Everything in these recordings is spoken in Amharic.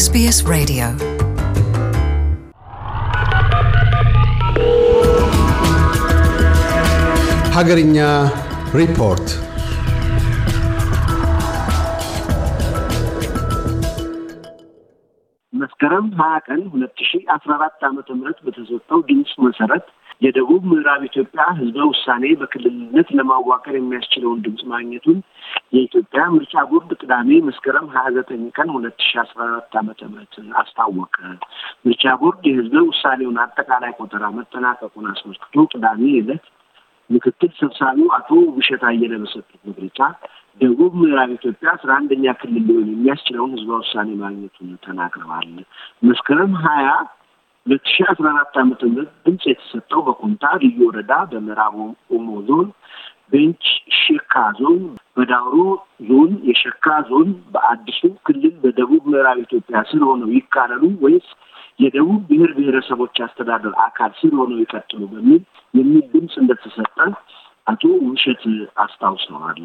ኤስቢኤስ Radio. ሀገርኛ ሪፖርት መስከረም ሀያ ቀን ሁለት ሺህ አስራ አራት ምህረት በተሰጠው ድምፅ መሰረት የደቡብ ምዕራብ ኢትዮጵያ ህዝበ ውሳኔ በክልልነት ለማዋቀር የሚያስችለውን ድምፅ ማግኘቱን የኢትዮጵያ ምርጫ ቦርድ ቅዳሜ መስከረም ሀያ ዘጠኝ ቀን ሁለት ሺ አስራ አራት ዓመተ ምህረት አስታወቀ። ምርጫ ቦርድ የህዝበ ውሳኔውን አጠቃላይ ቆጠራ መጠናቀቁን አስመልክቶ ቅዳሜ ዕለት ምክትል ሰብሳቢው አቶ ውብሸት አየለ በሰጡት መግለጫ ደቡብ ምዕራብ ኢትዮጵያ አስራ አንደኛ ክልል ሊሆን የሚያስችለውን ህዝበ ውሳኔ ማግኘቱን ተናግረዋል። መስከረም ሀያ ሁለት ሺ አስራ አራት ዓመተ ምህረት ድምፅ የተሰጠው በኮንታ ልዩ ወረዳ በምዕራብ ኦሞ ዞን ቤንች ሸካ ዞን በዳውሮ ዞን የሸካ ዞን በአዲሱ ክልል በደቡብ ምዕራብ ኢትዮጵያ ስር ሆነው ይካለሉ ወይስ የደቡብ ብሔር ብሔረሰቦች አስተዳደር አካል ስር ሆነው ይቀጥሉ በሚል የሚል ድምፅ እንደተሰጠ አቶ ውሸት አስታውሰዋል።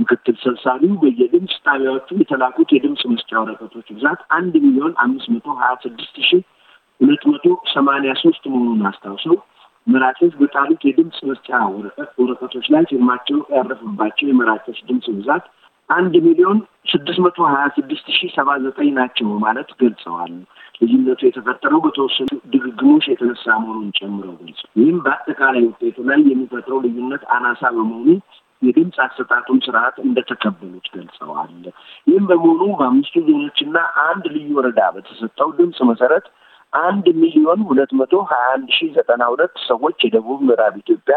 ምክትል ሰብሳቢው በየድምፅ ጣቢያዎቹ የተላኩት የድምፅ መስጫ ወረቀቶች ብዛት አንድ ሚሊዮን አምስት መቶ ሀያ ስድስት ሺህ ሁለት መቶ ሰማኒያ ሶስት መሆኑን አስታውሰው መራጮች በጣሉት የድምፅ መስጫ ወረቀት ወረቀቶች ላይ ፊርማቸው ያረፈባቸው የመራጮች ድምፅ ብዛት አንድ ሚሊዮን ስድስት መቶ ሀያ ስድስት ሺ ሰባ ዘጠኝ ናቸው ማለት ገልጸዋል። ልዩነቱ የተፈጠረው በተወሰኑ ድግግሞች የተነሳ መሆኑን ጨምረው ገልጽ ይህም በአጠቃላይ ውጤቱ ላይ የሚፈጥረው ልዩነት አናሳ በመሆኑ የድምፅ አሰጣጡም ስርዓት እንደተከበሉት ገልጸዋል። ይህም በመሆኑ በአምስቱ ዞኖችና አንድ ልዩ ወረዳ በተሰጠው ድምፅ መሰረት አንድ ሚሊዮን ሁለት መቶ ሀያ አንድ ሺ ዘጠና ሁለት ሰዎች የደቡብ ምዕራብ ኢትዮጵያ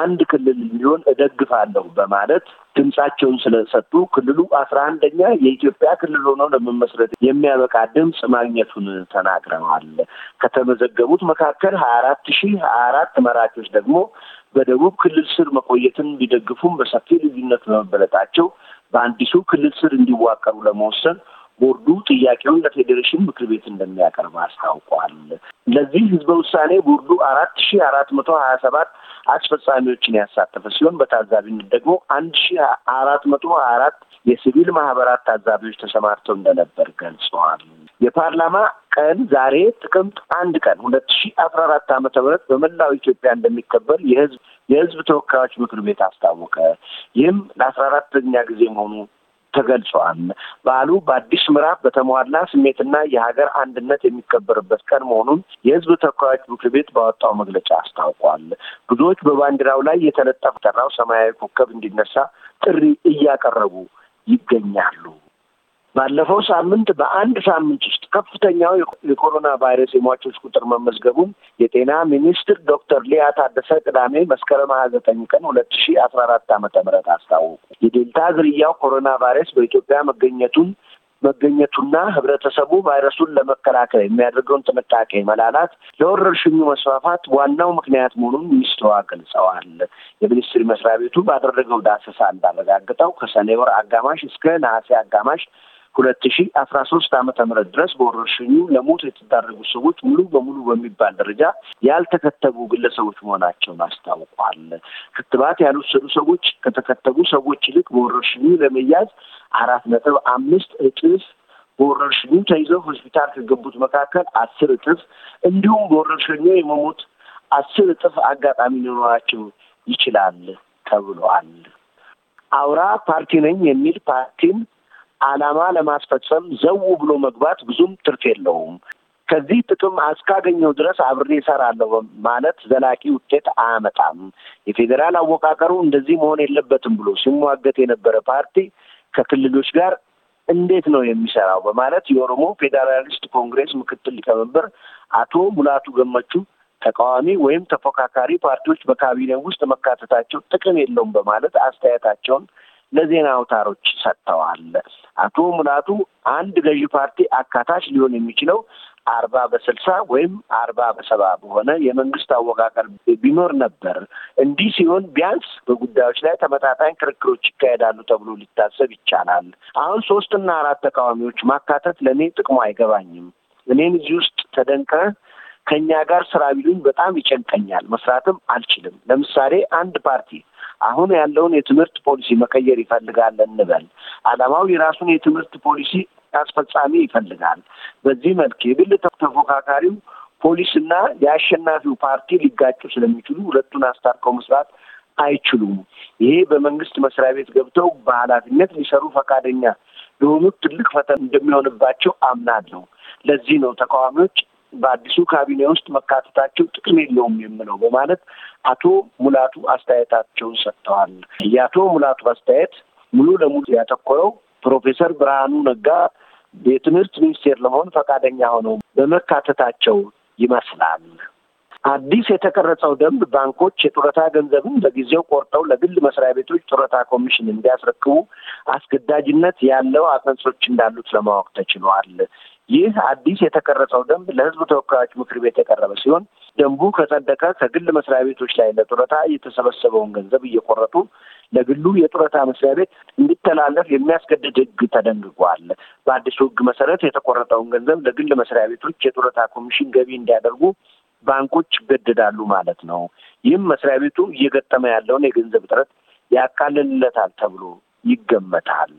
አንድ ክልል እንዲሆን እደግፋለሁ በማለት ድምጻቸውን ስለሰጡ ክልሉ አስራ አንደኛ የኢትዮጵያ ክልል ሆኖ ለመመስረት የሚያበቃ ድምፅ ማግኘቱን ተናግረዋል። ከተመዘገቡት መካከል ሀያ አራት ሺ ሀያ አራት መራጮች ደግሞ በደቡብ ክልል ስር መቆየትን ቢደግፉም በሰፊ ልዩነት በመበለጣቸው በአዲሱ ክልል ስር እንዲዋቀሩ ለመወሰን ቦርዱ ጥያቄውን ለፌዴሬሽን ምክር ቤት እንደሚያቀርብ አስታውቋል። ለዚህ ህዝበ ውሳኔ ቦርዱ አራት ሺ አራት መቶ ሀያ ሰባት አስፈጻሚዎችን ያሳተፈ ሲሆን በታዛቢነት ደግሞ አንድ ሺ አራት መቶ ሀያ አራት የሲቪል ማህበራት ታዛቢዎች ተሰማርተው እንደነበር ገልጸዋል። የፓርላማ ቀን ዛሬ ጥቅምት አንድ ቀን ሁለት ሺ አስራ አራት ዓመተ ምህረት በመላው ኢትዮጵያ እንደሚከበር የህዝብ የህዝብ ተወካዮች ምክር ቤት አስታወቀ። ይህም ለአስራ አራተኛ ጊዜ መሆኑ ተገልጿል። በዓሉ በአዲስ ምዕራፍ በተሟላ ስሜትና የሀገር አንድነት የሚከበርበት ቀን መሆኑን የህዝብ ተወካዮች ምክር ቤት ባወጣው መግለጫ አስታውቋል። ብዙዎች በባንዲራው ላይ ጠራው ሰማያዊ ኮከብ እንዲነሳ ጥሪ እያቀረቡ ይገኛሉ። ባለፈው ሳምንት በአንድ ሳምንት ውስጥ ከፍተኛው የኮሮና ቫይረስ የሟቾች ቁጥር መመዝገቡን የጤና ሚኒስትር ዶክተር ሊያ ታደሰ ቅዳሜ መስከረም ሀያ ዘጠኝ ቀን ሁለት ሺ አስራ አራት ዓመተ ምህረት አስታወቁ። የዴልታ ዝርያው ኮሮና ቫይረስ በኢትዮጵያ መገኘቱን መገኘቱና ህብረተሰቡ ቫይረሱን ለመከላከል የሚያደርገውን ጥንቃቄ መላላት ለወረርሽኙ መስፋፋት ዋናው ምክንያት መሆኑን ሚኒስትሯ ገልጸዋል። የሚኒስትር መስሪያ ቤቱ ባደረገው ዳሰሳ እንዳረጋግጠው ከሰኔ ወር አጋማሽ እስከ ነሐሴ አጋማሽ ሁለት ሺ አስራ ሶስት አመተ ምህረት ድረስ በወረርሽኙ ለሞት የተዳረጉ ሰዎች ሙሉ በሙሉ በሚባል ደረጃ ያልተከተቡ ግለሰቦች መሆናቸውን አስታውቋል። ክትባት ያልወሰዱ ሰዎች ከተከተቡ ሰዎች ይልቅ በወረርሽኙ ለመያዝ አራት ነጥብ አምስት እጥፍ በወረርሽኙ ተይዘው ሆስፒታል ከገቡት መካከል አስር እጥፍ እንዲሁም በወረርሽኙ የመሞት አስር እጥፍ አጋጣሚ ሊኖራቸው ይችላል ተብሏል። አውራ ፓርቲ ነኝ የሚል ፓርቲም ዓላማ ለማስፈጸም ዘው ብሎ መግባት ብዙም ትርፍ የለውም። ከዚህ ጥቅም እስካገኘው ድረስ አብሬ እሰራለሁ ማለት ዘላቂ ውጤት አያመጣም። የፌዴራል አወቃቀሩ እንደዚህ መሆን የለበትም ብሎ ሲሟገት የነበረ ፓርቲ ከክልሎች ጋር እንዴት ነው የሚሰራው በማለት የኦሮሞ ፌዴራሊስት ኮንግሬስ ምክትል ሊቀመንበር አቶ ሙላቱ ገመቹ ተቃዋሚ ወይም ተፎካካሪ ፓርቲዎች በካቢኔ ውስጥ መካተታቸው ጥቅም የለውም በማለት አስተያየታቸውን ለዜና አውታሮች ሰጥተዋል። አቶ ሙላቱ አንድ ገዢ ፓርቲ አካታች ሊሆን የሚችለው አርባ በስልሳ ወይም አርባ በሰባ በሆነ የመንግስት አወቃቀር ቢኖር ነበር። እንዲህ ሲሆን ቢያንስ በጉዳዮች ላይ ተመጣጣኝ ክርክሮች ይካሄዳሉ ተብሎ ሊታሰብ ይቻላል። አሁን ሶስትና አራት ተቃዋሚዎች ማካተት ለእኔ ጥቅሙ አይገባኝም። እኔም እዚህ ውስጥ ተደንቀ ከእኛ ጋር ስራ ቢሉኝ በጣም ይጨንቀኛል፣ መስራትም አልችልም። ለምሳሌ አንድ ፓርቲ አሁን ያለውን የትምህርት ፖሊሲ መቀየር ይፈልጋል እንበል። አላማው የራሱን የትምህርት ፖሊሲ አስፈጻሚ ይፈልጋል። በዚህ መልክ የግል ተፎካካሪው ፖሊስና የአሸናፊው ፓርቲ ሊጋጩ ስለሚችሉ ሁለቱን አስታርቀው መስራት አይችሉም። ይሄ በመንግስት መስሪያ ቤት ገብተው በኃላፊነት ሊሰሩ ፈቃደኛ ለሆኑት ትልቅ ፈተና እንደሚሆንባቸው አምናለሁ። ለዚህ ነው ተቃዋሚዎች በአዲሱ ካቢኔ ውስጥ መካተታቸው ጥቅም የለውም የምለው በማለት አቶ ሙላቱ አስተያየታቸውን ሰጥተዋል። የአቶ ሙላቱ አስተያየት ሙሉ ለሙሉ ያተኮረው ፕሮፌሰር ብርሃኑ ነጋ የትምህርት ሚኒስቴር ለመሆን ፈቃደኛ ሆነው በመካተታቸው ይመስላል። አዲስ የተቀረጸው ደንብ ባንኮች የጡረታ ገንዘብን በጊዜው ቆርጠው ለግል መስሪያ ቤቶች ጡረታ ኮሚሽን እንዲያስረክቡ አስገዳጅነት ያለው አፈንሶች እንዳሉት ለማወቅ ተችሏል። ይህ አዲስ የተቀረጸው ደንብ ለሕዝብ ተወካዮች ምክር ቤት የቀረበ ሲሆን ደንቡ ከጸደቀ ከግል መስሪያ ቤቶች ላይ ለጡረታ የተሰበሰበውን ገንዘብ እየቆረጡ ለግሉ የጡረታ መስሪያ ቤት እንዲተላለፍ የሚያስገድድ ሕግ ተደንግጓል። በአዲሱ ሕግ መሰረት የተቆረጠውን ገንዘብ ለግል መስሪያ ቤቶች የጡረታ ኮሚሽን ገቢ እንዲያደርጉ ባንኮች ይገደዳሉ ማለት ነው። ይህም መስሪያ ቤቱ እየገጠመ ያለውን የገንዘብ እጥረት ያካልልለታል ተብሎ ይገመታል።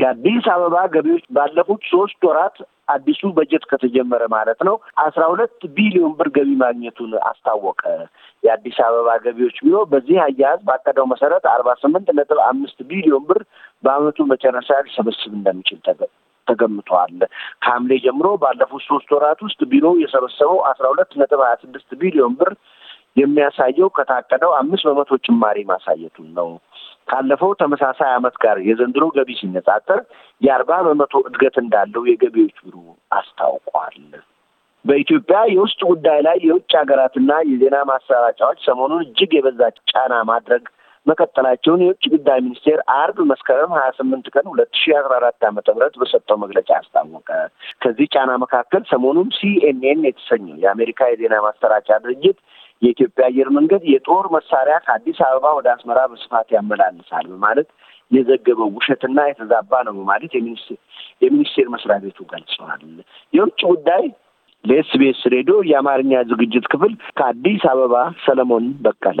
የአዲስ አበባ ገቢዎች ባለፉት ሶስት ወራት አዲሱ በጀት ከተጀመረ ማለት ነው አስራ ሁለት ቢሊዮን ብር ገቢ ማግኘቱን አስታወቀ። የአዲስ አበባ ገቢዎች ቢሮ በዚህ አያያዝ ባቀደው መሰረት አርባ ስምንት ነጥብ አምስት ቢሊዮን ብር በአመቱ መጨረሻ ሊሰበስብ እንደሚችል ተገ ተገምቷል። ከሐምሌ ጀምሮ ባለፉት ሶስት ወራት ውስጥ ቢሮ የሰበሰበው አስራ ሁለት ነጥብ ሀያ ስድስት ቢሊዮን ብር የሚያሳየው ከታቀደው አምስት በመቶ ጭማሪ ማሳየቱን ነው። ካለፈው ተመሳሳይ ዓመት ጋር የዘንድሮ ገቢ ሲነጻጸር የአርባ በመቶ እድገት እንዳለው የገቢዎች ቢሮ አስታውቋል። በኢትዮጵያ የውስጥ ጉዳይ ላይ የውጭ ሀገራትና የዜና ማሰራጫዎች ሰሞኑን እጅግ የበዛ ጫና ማድረግ መቀጠላቸውን የውጭ ጉዳይ ሚኒስቴር አርብ መስከረም ሀያ ስምንት ቀን ሁለት ሺ አስራ አራት ዓመተ ምህረት በሰጠው መግለጫ አስታወቀ። ከዚህ ጫና መካከል ሰሞኑን ሲኤንኤን የተሰኘው የአሜሪካ የዜና ማሰራጫ ድርጅት የኢትዮጵያ አየር መንገድ የጦር መሳሪያ ከአዲስ አበባ ወደ አስመራ በስፋት ያመላልሳል በማለት የዘገበው ውሸትና የተዛባ ነው በማለት የሚኒስቴር መስሪያ ቤቱ ገልጸዋል። የውጭ ጉዳይ ለኤስቢኤስ ሬዲዮ የአማርኛ ዝግጅት ክፍል ከአዲስ አበባ ሰለሞን በቀለ